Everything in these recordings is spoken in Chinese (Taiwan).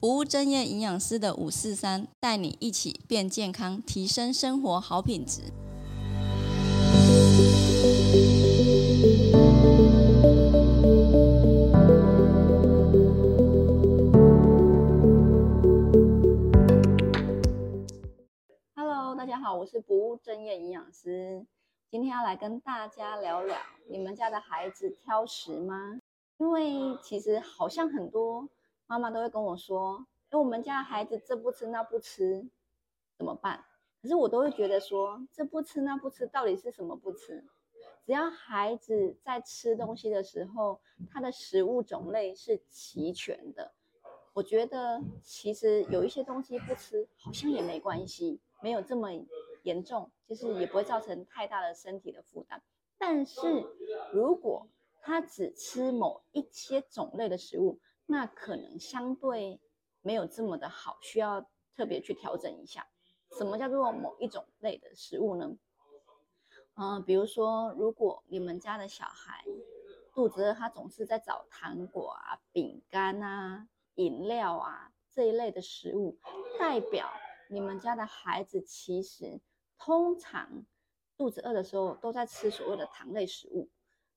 不務正業營養師的五四三，帶你一起變健康，提升生活好品質。Hello，大家好，我是不務正業營養師，今天要來跟大家聊聊，你們家的孩子挑食嗎？因為其實好像很多。媽媽都會跟我說：“哎，我們家孩子這不吃那不吃，怎麼辦？”可是我都會覺得說：“這不吃那不吃，到底是什麼不吃？”只要孩子在吃東西的時候，他的食物種類是齊全的，我覺得其實有一些東西不吃好像也沒關係，沒有這麼嚴重，就是也不會造成太大的身體的負擔。但是如果他只吃某一些種類的食物，那可能相對沒有這麼的好，需要特別去調整一下。什麼叫做某一種類的食物呢？嗯，比如說，如果你們家的小孩肚子餓，他總是在找糖果啊、餅乾啊、飲料啊這一類的食物，代表你們家的孩子其實通常肚子餓的時候都在吃所謂的糖類食物。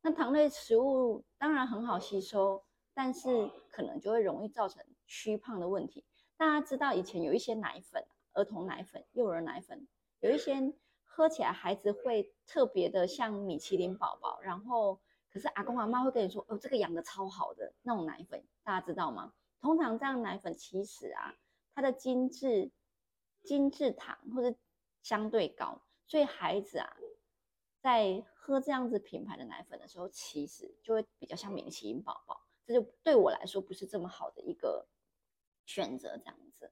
那糖類食物當然很好吸收。但是可能就會容易造成虛胖的問題。大家知道以前有一些奶粉，兒童奶粉、幼兒奶粉，有一些喝起來孩子會特別的像米其林寶寶。然後，可是阿公阿嬤會跟你說：“哦，這個養得超好的那種奶粉，大家知道嗎？”通常這樣奶粉其實啊，它的精製、精製糖或者相對高，所以孩子啊，在喝這樣子品牌的奶粉的時候，其實就會比較像米其林寶寶。這就對我來說不是這麼好的一個選擇，這樣子。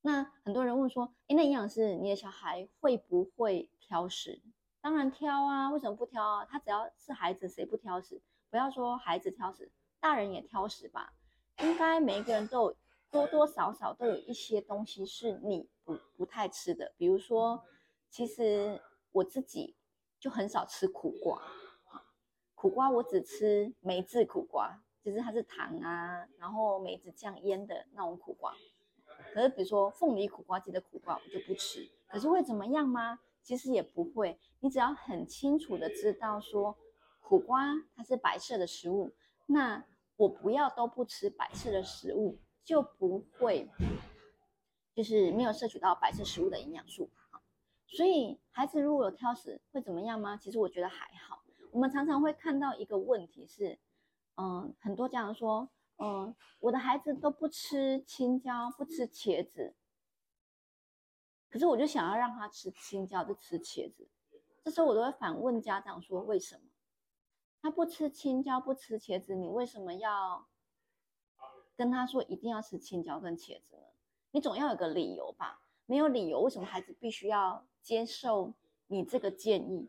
那很多人問說：“欸，那營養師，你的小孩會不會挑食？”當然挑啊，為什麼不挑啊？他只要是孩子，誰不挑食？不要說孩子挑食，大人也挑食吧？應該每一個人都有多多少少都有一些東西是你不不太吃的，比如說，其實我自己就很少吃苦瓜，苦瓜我只吃梅子苦瓜。其實它是糖啊，然後梅子醬醃的那種苦瓜。可是比如說鳳梨苦瓜雞的苦瓜，我就不吃。可是會怎麼樣嗎？其實也不會。你只要很清楚的知道說，苦瓜它是白色的食物，那我不要都不吃白色的食物，就不會就是沒有攝取到白色食物的營養素。好，所以孩子如果有挑食，會怎麼樣嗎？其實我覺得還好。我們常常會看到一個問題是。嗯，很多家長說，嗯，我的孩子都不吃青椒，不吃茄子，可是我就想要讓他吃青椒，就吃茄子。這時候我都會反問家長說，為什麼他不吃青椒，不吃茄子？你為什麼要跟他說一定要吃青椒跟茄子呢？你總要有個理由吧？沒有理由，為什麼孩子必須要接受你這個建議？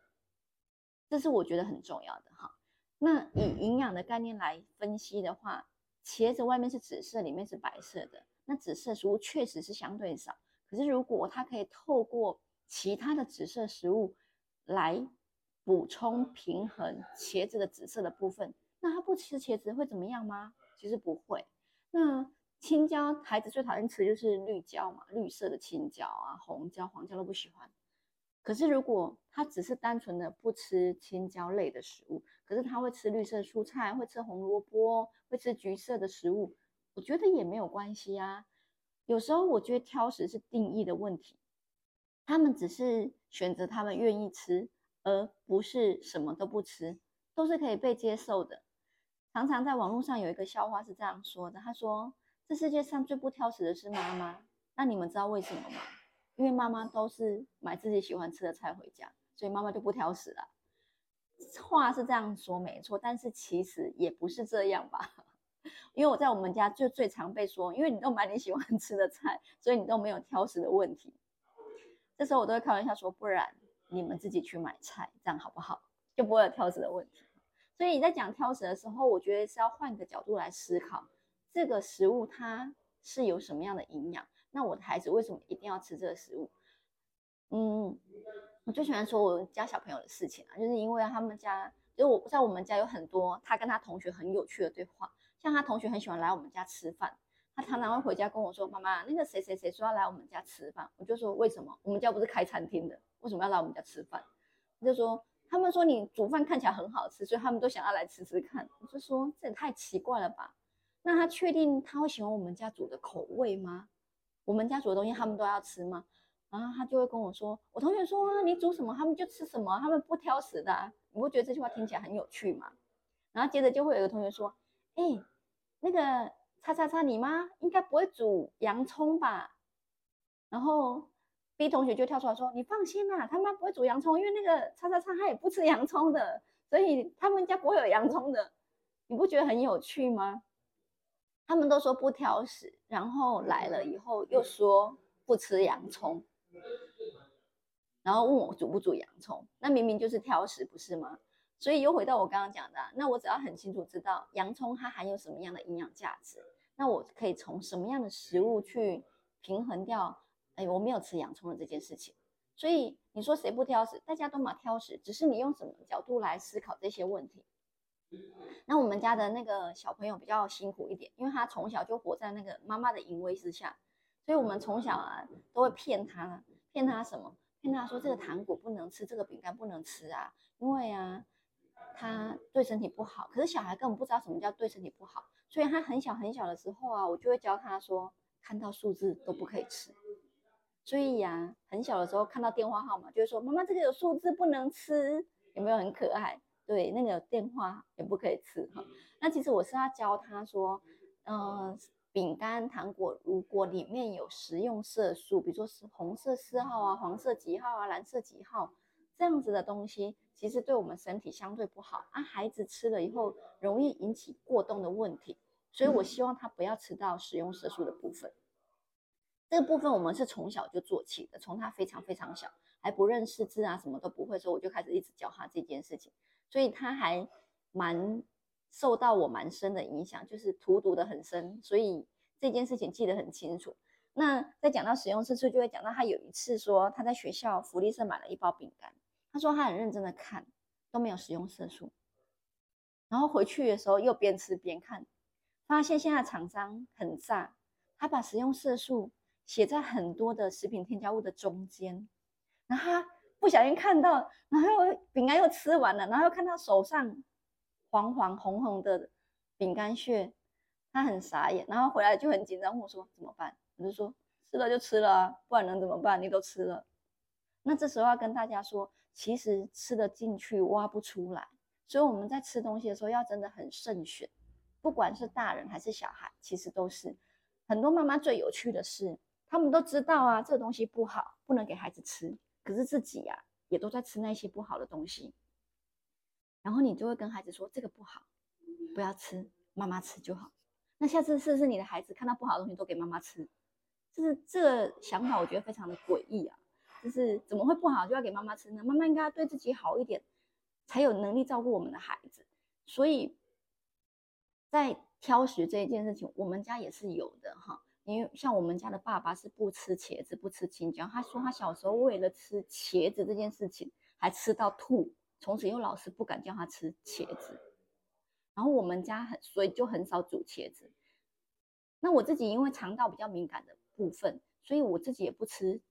這是我覺得很重要的哈。那以營養的概念來分析的話，茄子外面是紫色，裡面是白色的。那紫色食物確實是相對少，可是如果他可以透過其他的紫色食物來補充平衡茄子的紫色的部分，那他不吃茄子會怎麼樣嗎？其實不會。那青椒，孩子最討厭吃的就是綠椒嘛，綠色的青椒啊，紅椒、黃椒都不喜歡。可是，如果他只是單純的不吃青椒類的食物，可是他會吃綠色蔬菜，會吃紅蘿蔔，會吃橘色的食物，我覺得也沒有關係啊。有時候我覺得挑食是定義的問題，他們只是選擇他們願意吃，而不是什麼都不吃，都是可以被接受的。常常在網絡上有一個笑話是這樣說的，他說：“這世界上最不挑食的是媽媽。”那你們知道為什麼嗎？因為媽媽都是買自己喜歡吃的菜回家，所以媽媽就不挑食了。話是這樣說沒錯，但是其實也不是這樣吧。因為我在我們家就最常被說，因為你都買你喜歡吃的菜，所以你都沒有挑食的問題。這時候我都會開玩笑說，不然你們自己去買菜，這樣好不好？就不會有挑食的問題。所以你在講挑食的時候，我覺得是要換個角度來思考這個食物它。是有什麼樣的營養？那我的孩子為什麼一定要吃這個食物？嗯，我最喜歡說我家小朋友的事情啊，就是因為他們家，就我在我們家有很多他跟他同學很有趣的對話。像他同學很喜歡來我們家吃飯，他常常會回家跟我說：“媽媽，那個誰誰誰說要來我們家吃飯。”我就說：“為什麼？我們家不是開餐廳的，為什麼要來我們家吃飯？”我就說：“他們說你煮飯看起來很好吃，所以他們都想要來吃吃看。”我就說：“這也太奇怪了吧。”那他確定他會喜歡我們家煮的口味嗎？我們家煮的東西他們都要吃嗎？然後他就會跟我說，我同學說你煮什麼他們就吃什麼，他們不挑食的、啊。你不覺得這句話聽起來很有趣嗎？然後接着就會有一個同學說，哎、欸，那個叉叉叉，你媽應該不會煮洋蔥吧？然後 B 同學就跳出來說，你放心啦、啊，他媽不會煮洋蔥，因為那個叉叉叉他也不吃洋蔥的，所以他們家不會有洋蔥的。你不覺得很有趣嗎？他們都說不挑食，然後來了以後又說不吃洋蔥，然後問我煮不煮洋蔥，那明明就是挑食，不是嗎？所以又回到我剛剛講的，那我只要很清楚知道洋蔥它含有什麼樣的營養價值，那我可以從什麼樣的食物去平衡掉，哎，我沒有吃洋蔥的這件事情。所以你說誰不挑食？大家都嘛挑食，只是你用什麼角度來思考這些問題。那我們家的那個小朋友比較辛苦一點，因為他從小就活在那個媽媽的淫威之下，所以我們從小啊都會騙他，騙他什麼？騙他說這個糖果不能吃，這個餅乾不能吃啊，因為啊他對身體不好。可是小孩根本不知道什麼叫對身體不好，所以他很小很小的時候啊，我就會教他說，看到數字都不可以吃。所以呀，很小的時候看到電話號碼，就會說媽媽這個有數字不能吃，有沒有很可愛？對，那個電話也不可以吃哈。那其實我是要教他說，嗯，餅乾、糖果，如果裡面有食用色素，比如說是紅色四號啊、黃色幾號啊、藍色幾號這樣子的東西，其實對我們身體相對不好啊。孩子吃了以後，容易引起過動的問題。所以我希望他不要吃到食用色素的部分。嗯。這個部分我們是從小就做起的，從他非常非常小，還不認識字啊，什麼都不會，所以我就開始一直教他這件事情。所以他還蠻受到我蠻深的影響，就是荼毒的很深，所以這件事情記得很清楚。那在講到食用色素，就會講到他有一次說他在學校福利社買了一包餅乾，他說他很認真的看，都沒有食用色素，然後回去的時候又邊吃邊看，發現現在的廠商很炸，他把食用色素寫在很多的食品添加物的中間，然後他。不小心看到，然後餅乾又吃完了，然後又看到手上黃黃紅紅的餅乾屑，他很傻眼，然後回來就很緊張，問我說：“怎麼辦？”我就說：“吃了就吃了啊，不然能怎麼辦？你都吃了。”那這時候要跟大家說，其實吃得進去挖不出來，所以我們在吃東西的時候要真的很慎選，不管是大人還是小孩，其實都是。很多媽媽最有趣的是，他們都知道啊，這東西不好，不能給孩子吃。可是自己呀、啊，也都在吃那些不好的東西，然後你就會跟孩子說這個不好，不要吃，媽媽吃就好。那下次是不是你的孩子看到不好的東西都給媽媽吃？就是這個想法，我覺得非常的詭異啊！就是怎麼會不好就要給媽媽吃呢？媽媽應該要對自己好一點，才有能力照顧我們的孩子。所以，在挑食這一件事情，我們家也是有的哈。因為像我們家的爸爸是不吃茄子，不吃青椒。他說他小時候為了吃茄子這件事情，還吃到吐，從此又老是不敢叫他吃茄子。然後我們家很，所以就很少煮茄子。那我自己因為腸道比較敏感的部分，所以我自己也不吃，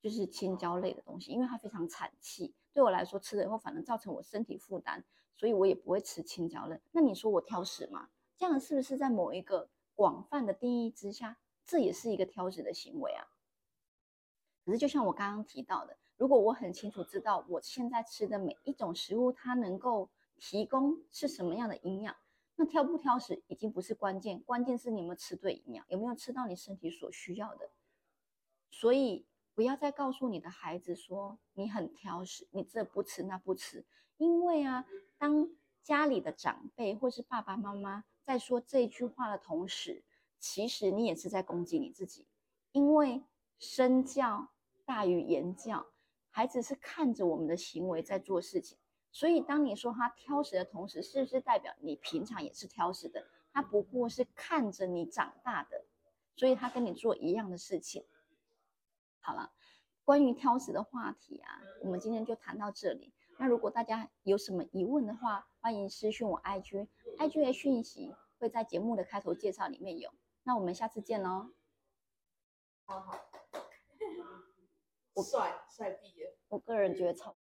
就是青椒類的東西，因為它非常產氣，對我來說吃了以後，反而造成我身體負擔，所以我也不會吃青椒類。那你說我挑食嗎？這樣是不是在某一個廣泛的定義之下？這也是一個挑食的行為啊，可是就像我剛剛提到的，如果我很清楚知道我現在吃的每一種食物，它能夠提供是什麼樣的營養，那挑不挑食已經不是關鍵，關鍵是你有沒有吃對營養，有沒有吃到你身體所需要的。所以不要再告訴你的孩子說你很挑食，你這不吃那不吃，因為啊，當家裡的長輩或是爸爸媽媽在說這句話的同時，其實你也是在攻擊你自己，因為身教大於言教，孩子是看着我們的行為在做事情。所以當你說他挑食的同時，是不是代表你平常也是挑食的？他不過是看着你長大的，所以他跟你做一樣的事情。好了，關於挑食的話題啊，我們今天就談到這裡。那如果大家有什麼疑問的話，歡迎私訊我 IG IG 的訊息會在節目的開頭介紹裡面有。那我們下次見嘍、哦！好好，我帥 帥我個人覺得超。